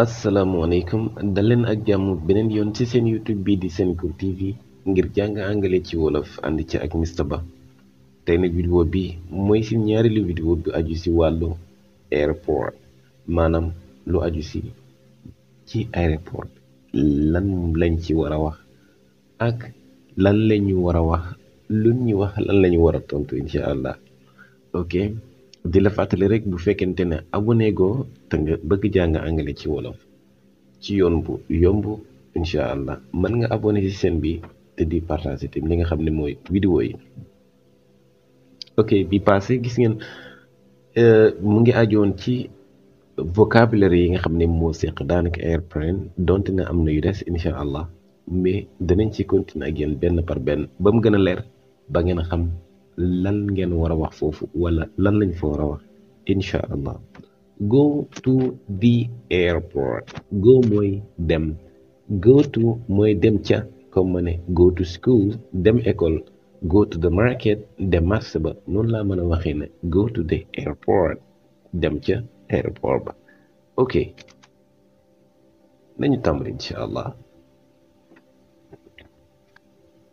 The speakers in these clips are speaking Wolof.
asalaamaaleykum daleen ak jàmm beneen yoon ci seen youtube bii di Sencours TV ngir jàng angale ci wolof ànd ci ak Mr Ba tey nag bi mooy si ñaareelu vidéo bi aju ci wàllu aéroport maanaam lu aju si ci aéroport lan lañ ci war a wax ak lan la ñu war a wax lu ñuy wax lan la ñu war a tontu incha allah ok. di la fàttali rek bu fekkente ne abonné goo te nga bëgg jàng angale ci wolof ci yoon bu yomb incha allah man nga abone ci chaîne bi te di partage itam li nga xam ne mooy vidéo yi ok bi passé gis ngeen euh, mu ngi ajoon ci vocabulaire yi nga xam ne moo seq daanaka airplane dont ne am na yu des incha allah mais danañ ci continuer ak yéen benn par benn ba mu gën a leer ba ngeen a xam lan ngeen war a wax foofu walla lan lañ fa war a wax incha allah go to the airport go mooy dem go to mooy dem ca comme ma ne go to school dem école go to the market dem marché ba noonu laa mën a waxee na go to the airport dem ca airport ba ok nañu tàmbali incha allah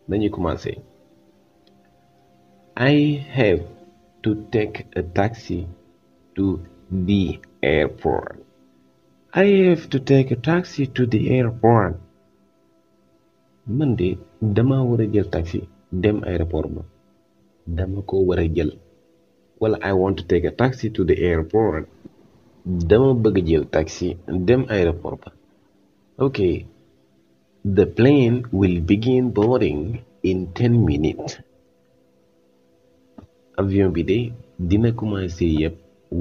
nañu commencé I have to take a taxi to the airport. I have to take a taxi to the airport. man dama war a jël taxi dem aéroport ba dama ko war a jël wala I want to take a taxi to the airport dama bëgg jël taxi dem aéroport ba ok the plane will begin boarding in ten minutes avion bi de dina commencé yëpp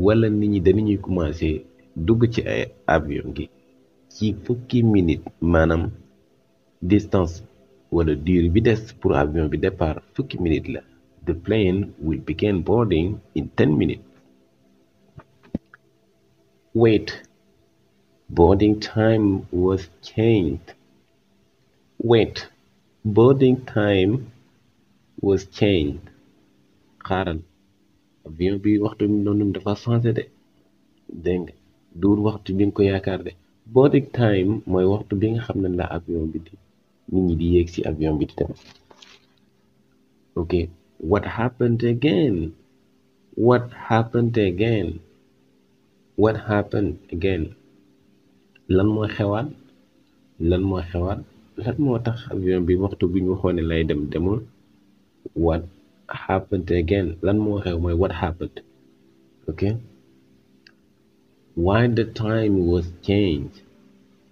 wala nit ñi danañuy commencé dugg ci ay avion gi ci fukki minute maanaam distance wala durée bi des pour avion bi départ fukki minute la the plane will begin boarding in ten minutes wait boarding time was changed wait boarding time was changed xaaral avion bi waxtu bi noonu dafa changé de dégg nga duur waxtu bi nga ko yaakaar de boarding time mooy waxtu bi nga xam ne la avion bi di nit ñi di yéeg ci avion bi di dem ok what happened again what happened again what lan mooy xewaat lan mooy xewaat lan moo tax avion bi waxtu bi ñu waxoon ne lay dem demul what happened again lan moo xew mooy what happened okay why the time was changed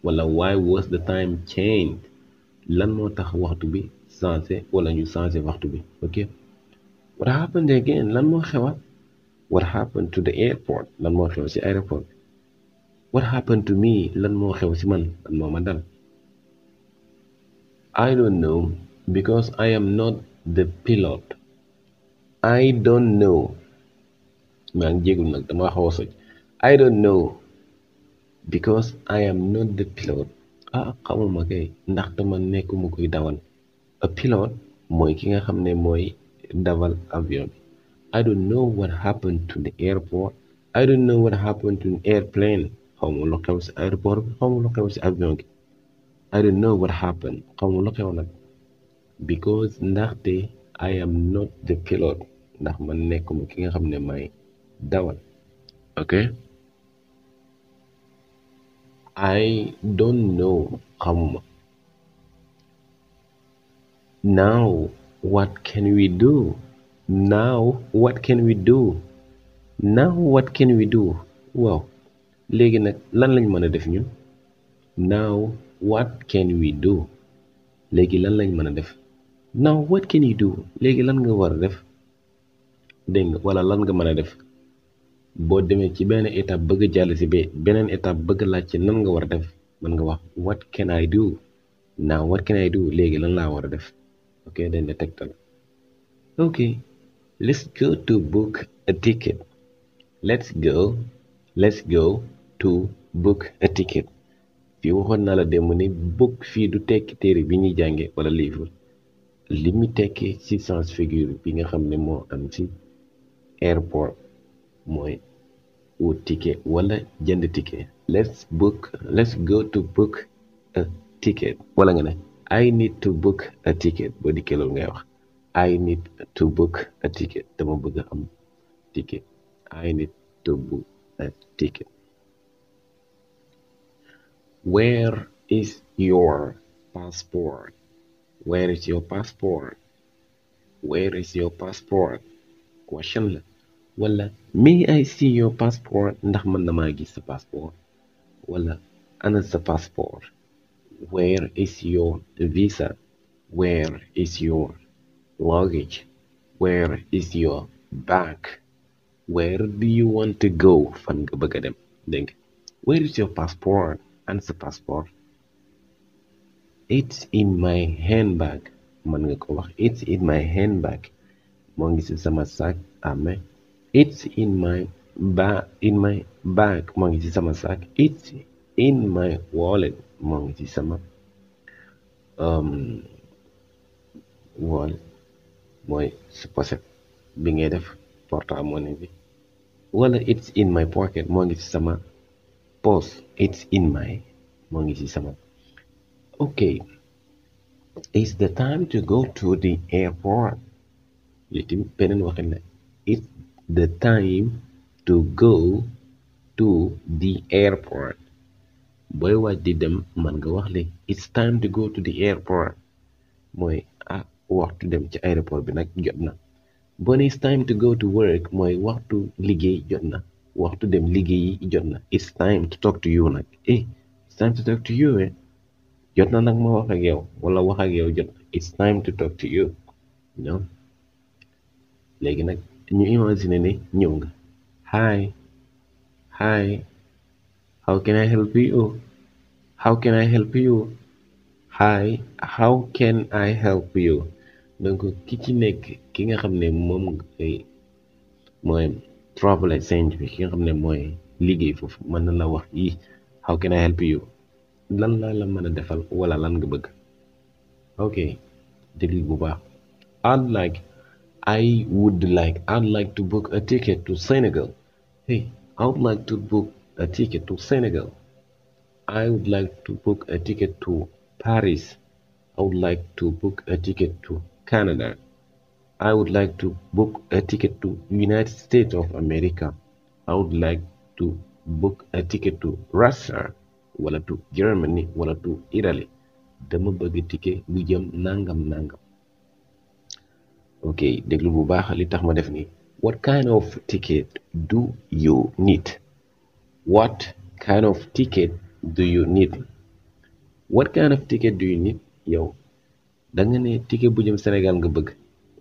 wala why was the time changed lan moo tax waxtu bi changé wala ñu changé waxtu bi ok what happened again lan moo xewaat what happened to the airport lan moo xew ci aéroport bi what happened to me lan moo xew ci man lan moo ma dal I don't know because I am not the pilot I don't know maa ngi jégul nag dama xaw a soj I don't know because I am not the pilot ah xamuma kay ndaxte man nekkuma kuy dawal a pilot mooy ki nga xam ne mooy dawal avion bi I don't know what happened to the airplane xawma lu si aéroport lu xew si avion bi I don't know what happened xawma lu xew nag because ndaxte I am not the pilot ndax man nekkuma ki nga xam ne may dawal ok I don't know xamuma now what can we do now what can we do now what can we do waaw léegi nag lan lañ mën a def ñun now what can we do léegi lan lañ mën a def now what can you do léegi lan nga war a def dégg nga wala lan nga mën a def boo demee ci benn étape bëgg jàll si ba beneen étape bëgg laaj ci nan nga war a def mën nga wax what can I do now what can I do léegi lan laa war a def ok dañ la tegtal ok let's go to book a ticket let's go to book a ticket fii waxoon naa la démb ni book fii du tekki téere bi ñuy jànge wala livre li mu tekki ci sens figure bi nga xam ne moo am ci airport mooy wut ticket wala jënd ticket let's book let's go to book a ticket wala nga ne I need to book a ticket boo dikkee loolu ngay wax I need to book a ticket dama bëgg am ticket I need to book a ticket where is your passport where is your passport question wala may I see your passport ndax mën na maa gis sa passeport wala ana sa passport where is your visa where your luggage where your bag where do you want to go fan nga bëgg a dem dégg nga where is your passport ana sa passport it's in my handbag mën nga ko wax it's in my handbag moo ngi si sama sac à main it's in my bag in my bag moo ngi ci sama sac it's in my wallet moo ngi ci sama um, wallet mooy si poset bi ngay def porte-monnaie bi wala it's in my pocket moo ngi ci sama poos it's in my moo ngi ci sama okay it's the time to go to the airport li tim beneen waxin the time to go to the airport booy waaj di dem man nga wax li it's time to go to the airport mooy ah waxtu dem ci aéroport bi nag jot na boo ne it's time to go to work mooy waxtu liggéey jot na waxtu dem liggéey jot na it's time to talk to you nag eh it's time to talk to you eh jot na nag ma wax ak yow wala wax ak yow jot na it's time to talk to you léegi nag ñu imaginer ne ñëw nga hi hi how can I help you how can I help you hi ki ci nekk ki nga xam ne moom ngay mooy trouble exchange bi ki nga xam ne mooy liggéey foofu mën na la wax yi how can I help you lan laa la mën a defal wala lan nga bëgg ok déglu bu baax I'd like I would like, I'd like to book a ticket to Senegal. Hey, I would like to book a ticket to Senegal. I would like to book a ticket to Paris. I would like to book a ticket to Canada. I would like to book a ticket to United States of America. I would like to book a ticket to Russia wala to Germany wala to Italy. Dama bëgg ticket bu nangam nangam. ok déglu bu baax li tax ma def nii what kind of ticket do you need what kind of ticket do you need yow da nga ne ticket bu jëm senegal nga bëgg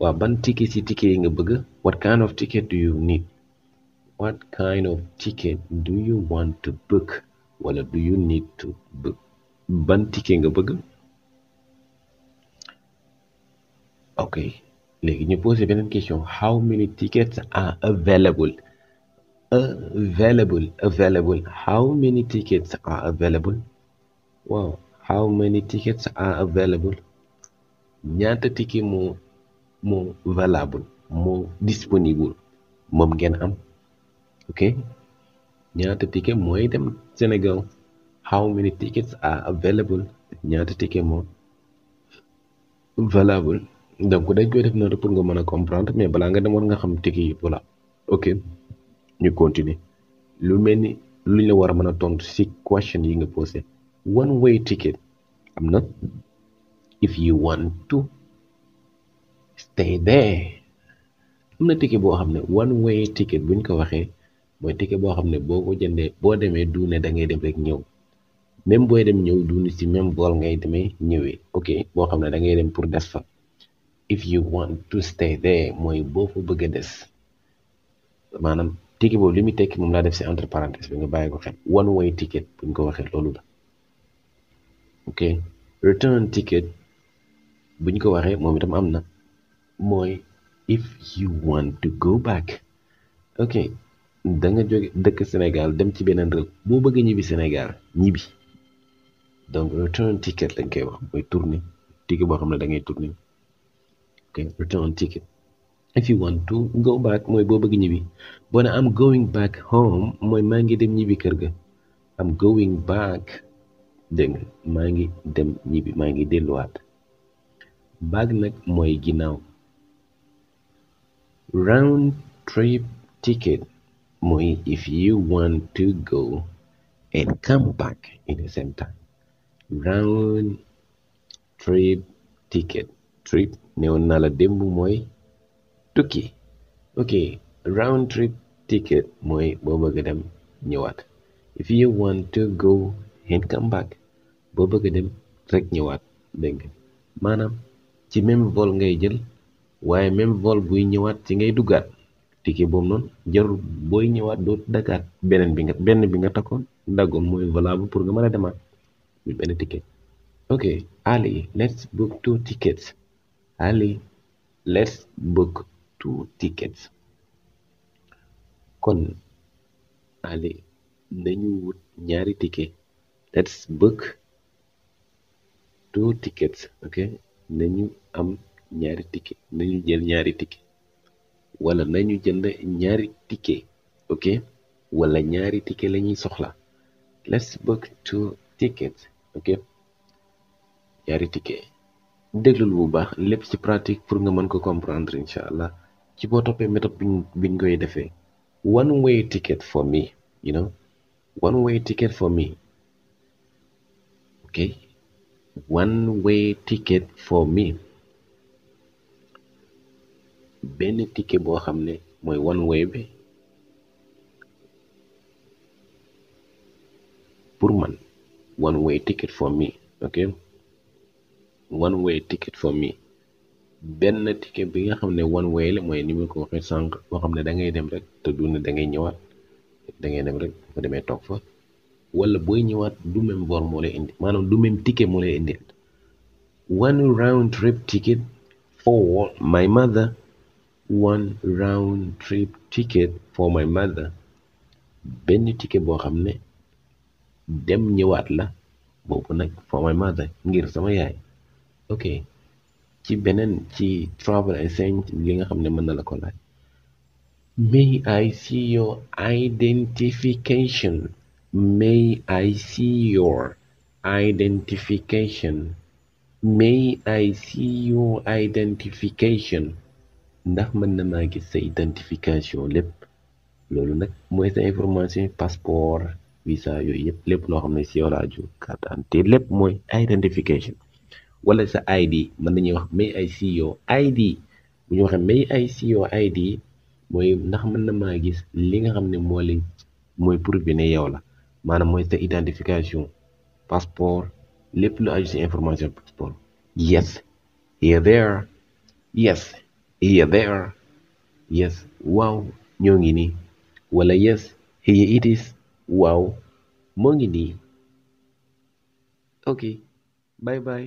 waaw ban ticket ci ticket yi nga bëgg what kind of ticket do you need what kind of ticket do you want to book wala do you need to book ban ticket nga bëgg ok léegi ñu posé beneen question how many tickets are available available available how many tickets are available waaw how ñaata ticket moo moo valable moo disponible moom ngeen am ok ñaata ticket mooy dem Sénégal how many tickets are available ñaata ticket moo valable donc dañ koy def noonu pour nga mën a comprendre mais balaa nga dem war nga xam tekki yi voilà ok ñu continuer lu mel ni luñ la war a mën a tontu si question yi nga posé one way ticket am na if you want to stay there am na ticket boo xam ne one way ticket buñ ko waxee mooy ticket boo xam ne boo ko jëndee boo demee du ne da ngay dem rek ñëw même booy dem ñëw du ne si même vol ngay demee ñëwee ok boo xam ne da ngay dem pour des fa. if you want to stay there mooy boo fa bëgg a des maanaam ticket boobu li muy tekki moom laa def si entre parenthèse bi nga bàyyi ko xel one way ticket buñ ko waxee loolu la ok return ticket buñ ko waxee moom itam am na mooy if you want to go back ok da nga jóge dëkk Sénégal dem ci beneen réew boo bëgg ñibbi Sénégal ñibbi donc return ticket lañ koy wax mooy tourner ticket boo xam ne da ngay okay return ticket if you want to go back mooy boo bëgg ñibbi boo ne am going back home mooy maa ngi dem ñibbi kër ga am going back dégg maa ngi dem ñibbi maa ngi delluwaat back nag mooy ginnaaw round trip ticket mooy if you want to go and come back in the same time round trip ticket trip newoon naa la démb mooy tukki ok round trip ticket mooy boo bëgg a dem ñëwaat if you want to go and come back boo bëgg a dem rek ñëwaat dégg maanaam ci même vol ngay jël waaye même vol buy ñëwaat ci ngay duggaat ticket boobu noonu jarul booy ñëwaat doo daggaat beneen bi nga benn bi nga takkoon daggoon mooy valable pour nga mën a demaat muy benn ticket ok Ali let's book two tickets Ali let's book two tickets kon Ali nañu wut ñaari ticket let's book two tickets ok nañu am ñaari ticket nañu jël ñaari ticket wala nañu jënd ñaari ticket ok wala ñaari ticket lañuy soxla let's book two tickets ok ñaari ticket. déglul bu baax lépp ci pratique pour nga mën ko comprendre incha allah ci boo toppee méthode biñ biñ koy defee one way ticket for me you know one way ticket for me one way ticket for me benn ticket boo xam ne mooy one way bi pour man one way ticket for me ok one way ticket for me benn ticket bi nga xam ne one way la mooy ni ma ko waxee sànq boo xam ne da ngay dem rek te du ne da ngay ñëwaat da ngay dem rek fa demee toog fa wala booy ñëwaat du même bor moo lay indi maana du même ticket mu lay indi one round trip ticket for my mother one round trip ticket for my mother benn ticket boo xam ne dem ñëwaat la boobu nag for my mother ngir sama yaay. ok ci beneen ci travel agent li nga xam ne mën na la ko laaj may I see your identification may I see your identification may I see your identification ndax mën na naa gis sa identification lépp loolu nag mooy sa information passeport visa yooyu yëpp lépp loo xam ne si yow la aju carte d'identité lépp mooy identification wala sa ID mën nañuy wax may ay CEO ID bu ñu waxee may ay CEO ID mooy ndax mën na maa gis li nga xam ne moo leen mooy pour bi ne yow la maanaam mooy sa identification passeport lépp lu aju si information passeport yes here there yes here there yes waaw ñoo ngi nii wala yes here it is waaw moo ngi nii ok bye bye